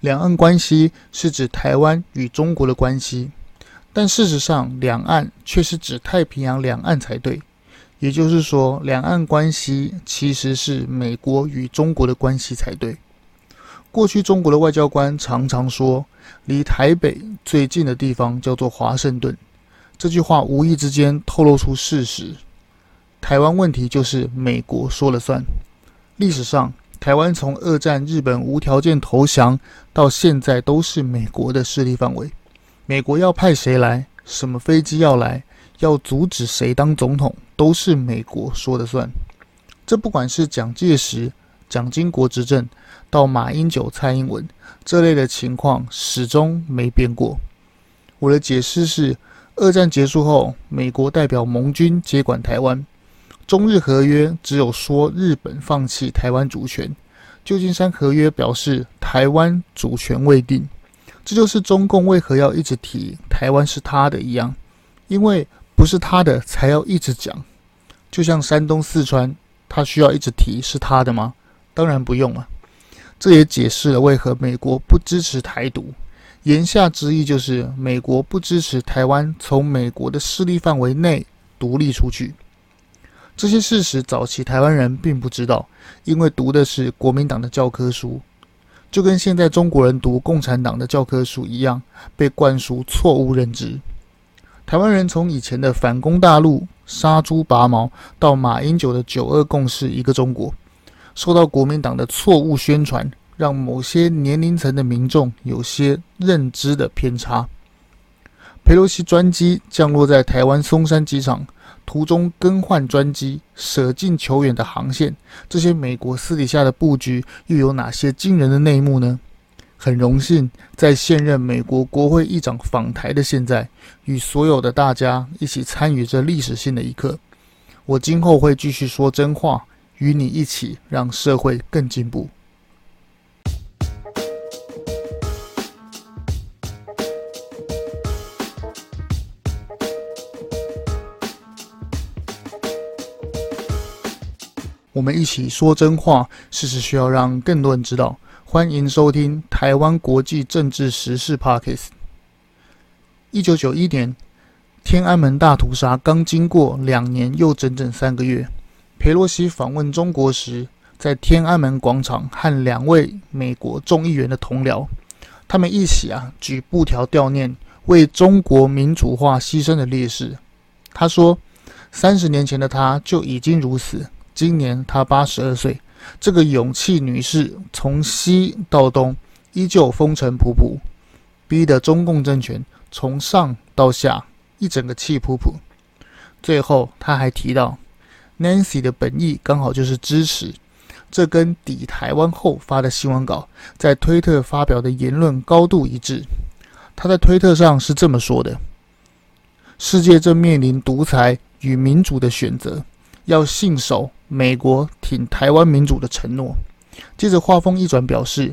兩岸關係是指台灣與中國的關係，但事實上，兩岸卻是指太平洋兩岸才對。也就是說，兩岸關係其實是美國與中國的關係才對。過去中國的外交官常常說：“離台北最近的地方叫做華盛頓。”這句話無意之間透露出事實：台灣問題就是美國說了算。歷史上。台灣從二戰日本無條件投降到現在都是美國的勢力範圍，美國要派誰來，什麼飛機要來，要阻止誰當總統，都是美國說了算。這不管是蔣介石、蔣經國執政，到馬英九、蔡英文這類的情況，始終沒變過。我的解釋是，二戰結束後，美國代表盟軍接管台灣。中日合約只有說日本放棄台灣主權，舊金山合約表示台灣主權未定，這就是中共為何要一直提台灣是他的一樣，因為不是他的才要一直講，就像山東四川，他需要一直提是他的嗎？當然不用了啊，這也解釋了為何美國不支持台獨，言下之意就是美國不支持台灣從美國的勢力範圍內獨立出去。這些事實早期台灣人並不知道，因為讀的是國民黨的教科書，就跟現在中國人讀共產黨的教科書一樣，被灌輸錯誤認知。台灣人從以前的反攻大陸、殺朱拔毛，到馬英九的“九二共識、一個中國”，受到國民黨的錯誤宣傳，讓某些年齡層的民眾有些認知的偏差。裴洛西專機降落在台灣松山機場。途中更換專機、舍近求遠的航線，這些美國私底下的佈局又有哪些驚人的內幕呢？很榮幸在現任美國國會議長訪台的現在，與所有的大家一起參與這歷史性的一刻。我今後會繼續說真話，與你一起讓社會更進步。我們一起說真話，事實需要讓更多人知道。歡迎收聽《台灣國際政治時事 Podcast》。一九九一年，天安門大屠殺剛經過兩年又整整三個月，裴洛西訪問中國時，在天安門廣場和兩位美國眾議員的同僚，他們一起啊舉布條悼念為中國民主化犧牲的烈士。他說：“三十年前的他就已經如此。”今年他八十二歲，這個勇氣女士從西到東依舊風塵僕僕，逼得中共政權從上到下一整個氣僕僕。最後，他還提到，Nancy 的本意剛好就是支持，這跟抵台灣後發的新聞稿在推特發表的言論高度一致。他在推特上是這麼說的：世界正面臨獨裁與民主的選擇。要信守美國挺台灣民主的承諾。接着話鋒一轉，表示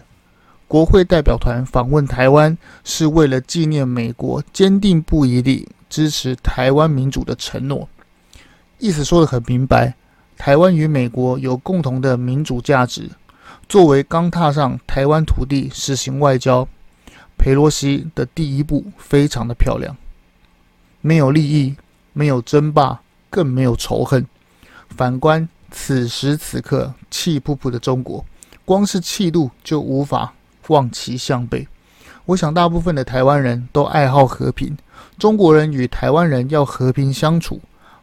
國會代表團訪問台灣是為了紀念美國堅定不移地支持台灣民主的承諾。意思說得很明白，台灣與美國有共同的民主價值。作為剛踏上台灣土地實行外交，裴洛西的第一步非常的漂亮，沒有利益，沒有爭霸，更沒有仇恨。反觀此時此刻氣噗噗的中國，光是氣度就無法望其項背。我想大部分的台灣人都愛好和平，中國人與台灣人要和平相處、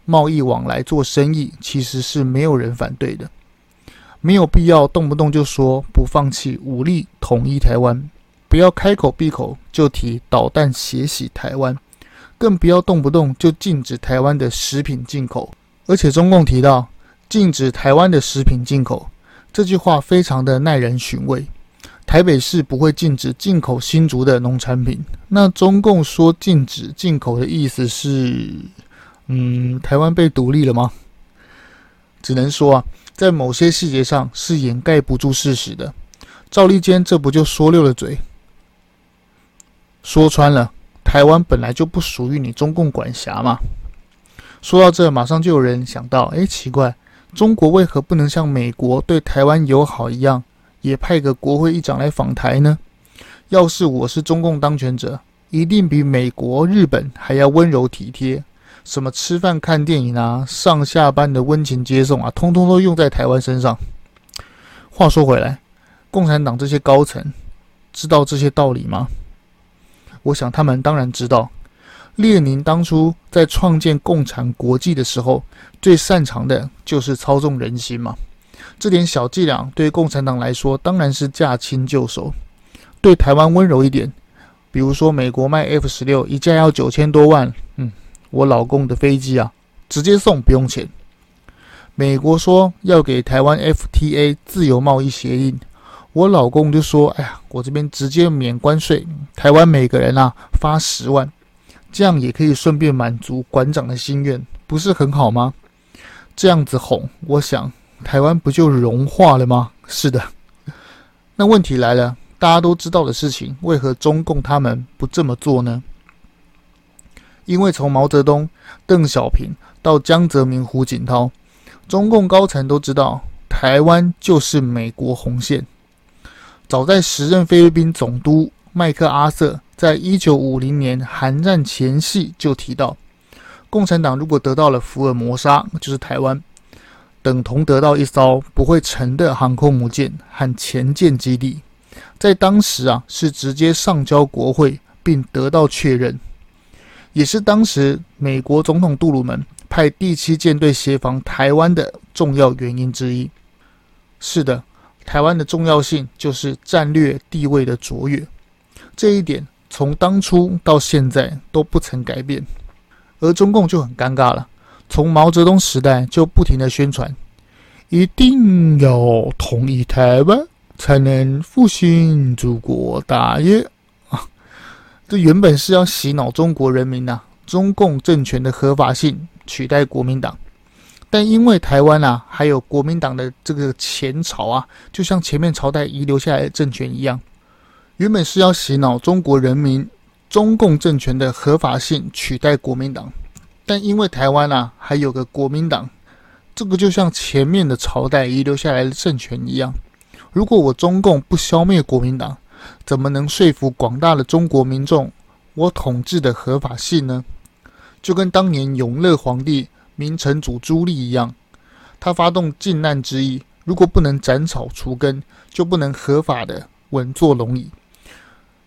貿易往來、做生意，其實是沒有人反對的。沒有必要動不動就說不放棄武力統一台灣，不要開口閉口就提導彈血洗台灣，更不要動不動就禁止台灣的食品進口。而且中共提到禁止台灣的食品進口，這句話非常的耐人尋味。台北市不會禁止進口新竹的農產品，那中共說禁止進口的意思是，嗯，台灣被獨立了嗎？只能說啊，在某些細節上是掩蓋不住事實的。趙立堅這不就說溜了嘴？說穿了，台灣本來就不屬於你中共管轄嘛。說到這，馬上就有人想到：哎，奇怪，中國為何不能像美國對台灣友好一樣，也派個國會議長來訪台呢？要是我是中共當權者，一定比美國、日本還要溫柔體貼，什麼吃飯、看電影啊，上下班的溫情接送啊，通通都用在台灣身上。話說回來，共產黨這些高層知道這些道理嗎？我想他們當然知道。列寧當初在創建共產國際的時候，最擅長的就是操縱人心嘛。這點小伎倆對共產黨來說當然是駕輕就熟。對台灣溫柔一點，比如說美國賣 F 十六一架要九千多萬，嗯，我老公的飛機啊，直接送不用錢。美國說要給台灣 FTA 自由貿易協定，我老公就說，哎呀，我這邊直接免關稅，台灣每個人啊發十萬。這樣也可以順便滿足館長的心願，不是很好嗎？這樣子哄，我想台灣不就融化了嗎？是的。那問題來了，大家都知道的事情，為何中共他們不這麼做呢？因為從毛澤東、鄧小平到江澤民、胡錦濤，中共高層都知道台灣就是美國紅線。早在時任菲律賓總督麥克阿瑟，在一九五零年，韓戰前夕就提到，共產黨如果得到了福爾摩沙，就是台灣，等同得到一艘不會沉的航空母艦和潛艦基地。在當時啊，是直接上交國會並得到確認，也是當時美國總統杜魯門派第七艦隊協防台灣的重要原因之一。是的，台灣的重要性就是戰略地位的卓越，這一點。從當初到現在都不曾改變，而中共就很尷尬了。從毛澤東時代就不停的宣傳，一定要統一台灣才能復興祖國大業。這原本是要洗腦中國人民吶、啊，中共政權的合法性取代國民黨。但因為台灣吶、啊，還有國民黨的這個前朝啊，就像前面朝代遺留下來的政權一樣。原本是要洗腦中國人民，中共政權的合法性取代國民黨，但因為台灣啊還有個國民黨，這個就像前面的朝代遺留下來的政權一樣，如果我中共不消滅國民黨，怎麼能說服廣大的中國民眾我統治的合法性呢？就跟當年永樂皇帝明成祖朱棣一樣，他發動靖難之役，如果不能斬草除根，就不能合法的穩坐龍椅。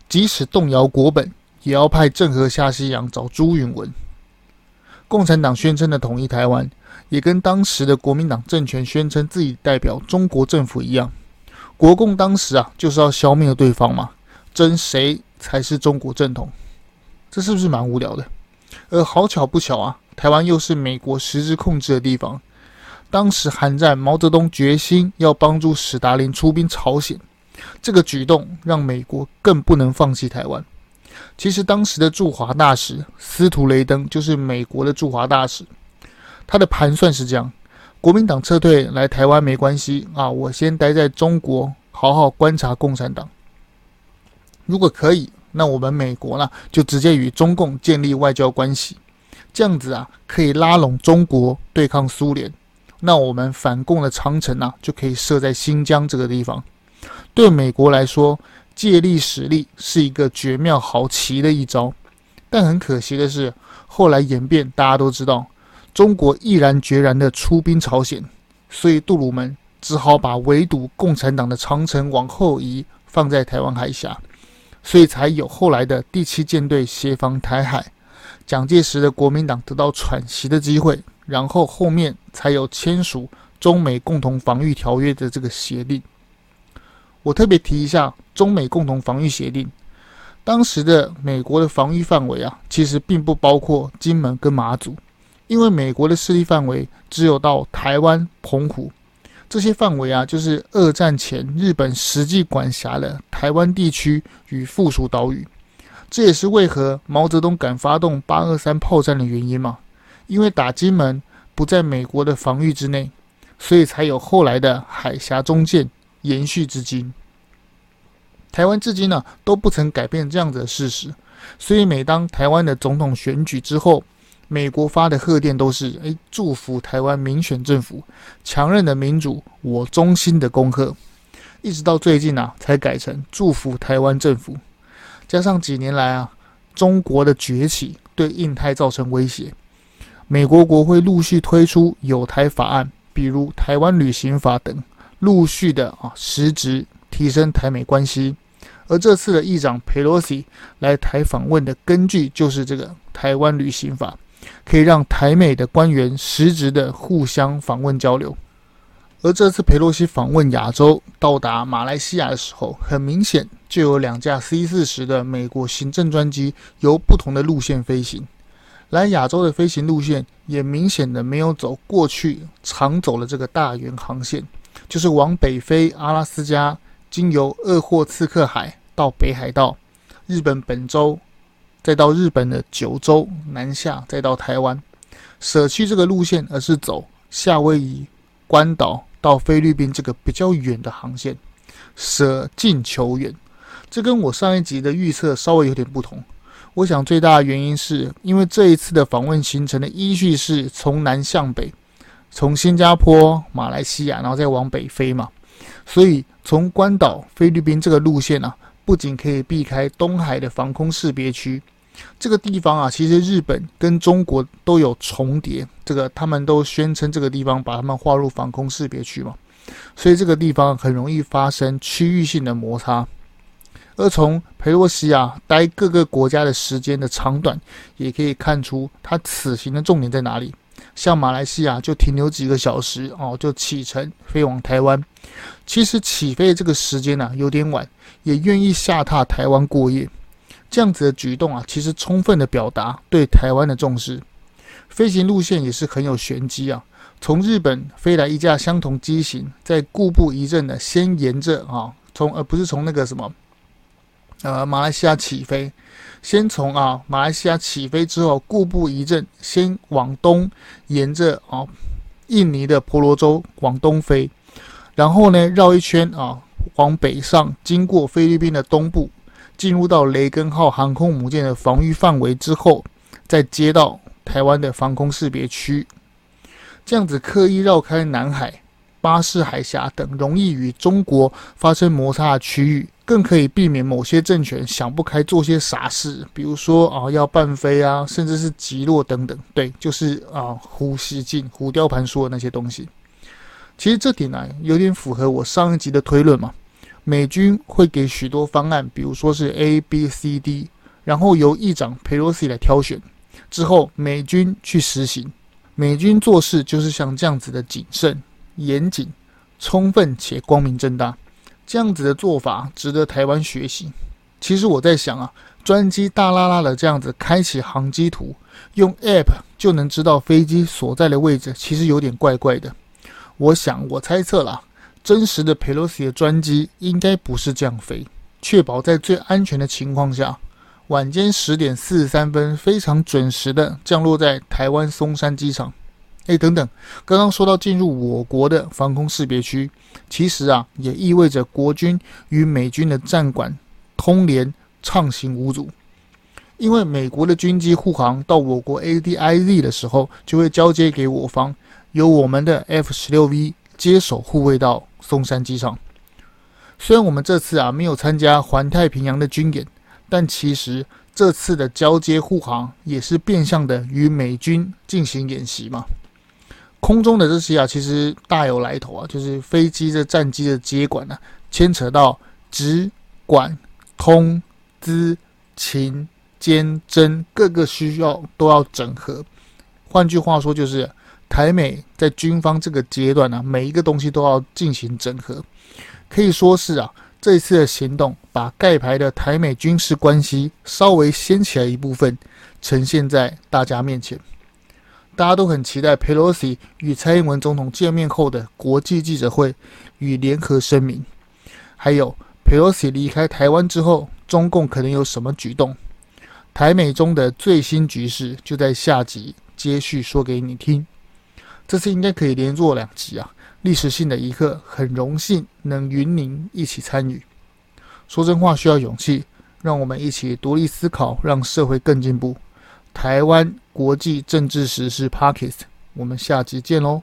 即使動搖國本，也要派鄭和下西洋找朱允炆。共產黨宣稱的統一台灣，也跟當時的國民黨政權宣稱自己代表中國政府一樣。國共當時啊，就是要消滅對方嘛，爭誰才是中國正統。這是不是蠻無聊的？而好巧不巧啊，台灣又是美國實質控制的地方。當時韓戰，毛澤東決心要幫助史達林出兵朝鮮。這個舉動讓美國更不能放棄台灣。其實當時的駐華大使司徒雷登就是美國的駐華大使。他的盤算是這樣：國民黨撤退來台灣沒關係啊，我先待在中國，好好觀察共產黨。如果可以，那我們美國呢，就直接與中共建立外交關係。這樣子啊，可以拉攏中國對抗蘇聯。那我們反共的長城呢啊，就可以設在新疆這個地方。對美國來說，借力使力是一個絕妙好棋的一招，但很可惜的是，後來演變大家都知道，中國毅然決然地出兵朝鮮，所以杜魯門只好把圍堵共產黨的長城往後移，放在台灣海峽，所以才有後來的第七艦隊協防台海，蔣介石的國民黨得到喘息的機會，然後後面才有簽署中美共同防禦條約的這個協定。我特別提一下中美共同防禦協定，當時的美國的防禦範圍啊，其實並不包括金門跟馬祖，因為美國的勢力範圍只有到臺灣、澎湖這些範圍啊，就是二戰前日本實際管轄的臺灣地區與附屬島嶼。這也是為何毛澤東敢發動八二三炮戰的原因嘛，因為打金門不在美國的防禦之內，所以才有後來的海峽中線延續至今。台灣至今呢、啊、都不曾改變這樣子的事實，所以每當台灣的總統選舉之後，美國發的賀電都是“誒祝福台灣民選政府強韌的民主，我衷心的恭賀。”一直到最近啊才改成“祝福台灣政府”。加上幾年來啊中國的崛起對印太造成威脅，美國國會陸續推出有台法案，比如《台灣旅行法》等，陸續的啊實質提升台美關係。而這次的議長裴洛西來台訪問的根據，就是這個台灣旅行法，可以讓台美的官員實質的互相訪問交流。而這次裴洛西訪問亞洲，到達馬來西亞的時候，很明顯就有兩架 C 四十的美國行政專機由不同的路線飛行，來亞洲的飛行路線也明顯的沒有走過去常走的這個大圓航線，就是往北飛阿拉斯加，經由鄂霍次克海。到北海道，日本本州，再到日本的九州，南下，再到台灣，捨去這個路線，而是走夏威夷、關島到菲律賓這個比較遠的航線，捨近求遠。這跟我上一集的預測稍微有點不同。我想最大的原因是因為這一次的訪問行程的依序是從南向北，從新加坡、馬來西亞，然後再往北飛嘛，所以從關島、菲律賓這個路線呢、啊。不僅可以避開東海的防空識別區，這個地方啊，其實日本跟中國都有重疊，這個他們都宣稱這個地方把他們劃入防空識別區嘛，所以這個地方很容易發生區域性的摩擦。而從裴洛西啊待各個國家的時間的長短，也可以看出他此行的重點在哪裡。像馬來西亞就停留幾個小時哦，就啟程飛往台灣。其實起飛這個時間呢，啊，有點晚。也願意下榻台灣過夜，這樣子的舉動啊，其實充分的表達對台灣的重視。飛行路線也是很有玄機啊，從日本飛來一架相同機型，在故布疑陣呢，先沿着啊，從而、呃、不是從那個什麼，呃，馬來西亞起飛，先從啊馬來西亞起飛之後，故布疑陣，先往東沿着啊印尼的婆羅洲往東飛，然後呢繞一圈啊。往北上，經過菲律賓的東部，進入到“雷根”號航空母艦的防禦範圍之後，再接到台灣的防空識別區，這樣子刻意繞開南海、巴士海峽等容易與中國發生摩擦的區域，更可以避免某些政權想不開做些傻事，比如說啊、呃、要伴飛啊，甚至是擊落等等。對，就是啊胡錫進、胡叼盤說的那些東西。其實這點呢、啊，有點符合我上一集的推論嘛。美軍會給許多方案，比如說是 A、B、C、D，然後由議長佩洛西來挑選，之後美軍去實行。美軍做事就是像這樣子的謹慎、嚴謹、充分且光明正大，這樣子的做法值得台灣學習。其實我在想啊，專機大拉拉的這樣子開啟航機圖，用 App 就能知道飛機所在的位置，其實有點怪怪的。我想，我猜測了啊，真實的佩洛西的專機應該不是這樣飛，確保在最安全的情況下，晚間十點四十三分非常準時的降落在台灣松山機場。哎，等等，剛剛說到進入我國的防空識別區，其實啊，也意味着國軍與美軍的戰管通聯暢行無阻，因為美國的軍機護航到我國 ADIZ 的時候，就會交接給我方。由我們的 F 十六 V 接手護衛到松山機場。雖然我們這次啊沒有參加環太平洋的軍演，但其實這次的交接護航也是變相的與美軍進行演習嘛。空中的這些啊，其實大有來頭啊，就是飛機的戰機的接管呢，牽扯到指管、空、資、勤、監、偵各個需要都要整合。換句話說，就是。台美在軍方這個階段啊，每一個東西都要進行整合，可以說是啊，這次的行動把蓋牌的台美軍事關係稍微掀起來一部分，呈現在大家面前。大家都很期待佩洛西與蔡英文總統見面後的國際記者會與聯合聲明，還有佩洛西離開台灣之後，中共可能有什麼舉動？台美中的最新局勢就在下集接續說給你聽。這次應該可以連做兩集啊！歷史性的一刻，很榮幸能與您一起參與。說真話需要勇氣，讓我們一起獨立思考，讓社會更進步。台灣國際政治時事 Podcast，我們下集見嘍！